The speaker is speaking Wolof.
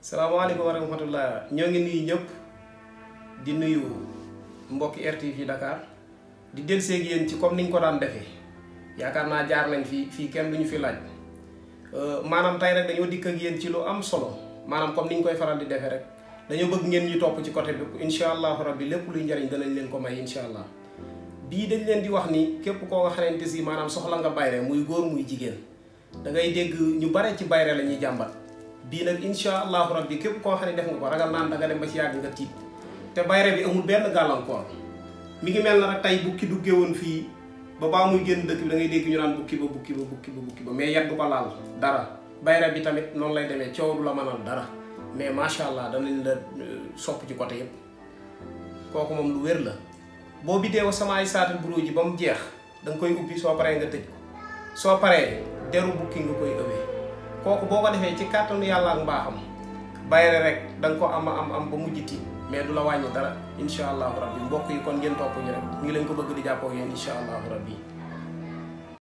Assalamualaikum warahmatullah. rahmatullah ñoo ngi nuyu ñëpp di nuyu mbokki RTV Dakar di dellusee ak yéen ci comme niñ ko daan defee yaakaar jaar nañ fi fi kenn duñu fi laaj euh, maanaam tey rek dañoo dikk ak yéen ci lu am solo maanaam comme niñ koy faral di defee rek dañoo bëgg ngeen ñu topp ci côté bi incha allahu rabbi lépp luy njariñ danañ leen ko may incha allah dañ leen di wax ni képp koo nga xamante si maanaam soxla nga bayre muy góor muy jigen da ngay dégg ñu bare ci bayre lañuy jambat bii nak inshallah rabbi kep ko xam def nga ko ragal da nga dem ba ci yag nga tit te bayre bi amul ben galan ko mi ngi mel na rek tey bukki du gewon fi ba ba muy genn dekk bi da ngay deg ñu nan bukki ba bukki ba bukki ba bukki ba mais yag ba ko laal dara bayre bi tamit non lay demee ciow du la manal dara mais macha allah nañ la eh, sopp ci côté yépp koku mom lu wér la bo bi wa sama ay saatu buru ji bam jeex dang koy ubbi so paree nga tëj so soo deru bukki nga koy ëwee kooku boo ko defee ci kàttanu yàlla ak mbaaxam bayre rek da ko am am am ba mujj mujjiti mais du la wàññi dara incha allahu rabbi mbokk yi kon ngeen topp ñu rek ñu leen ko bëgg di jàppoo yéen incha allahu rabbi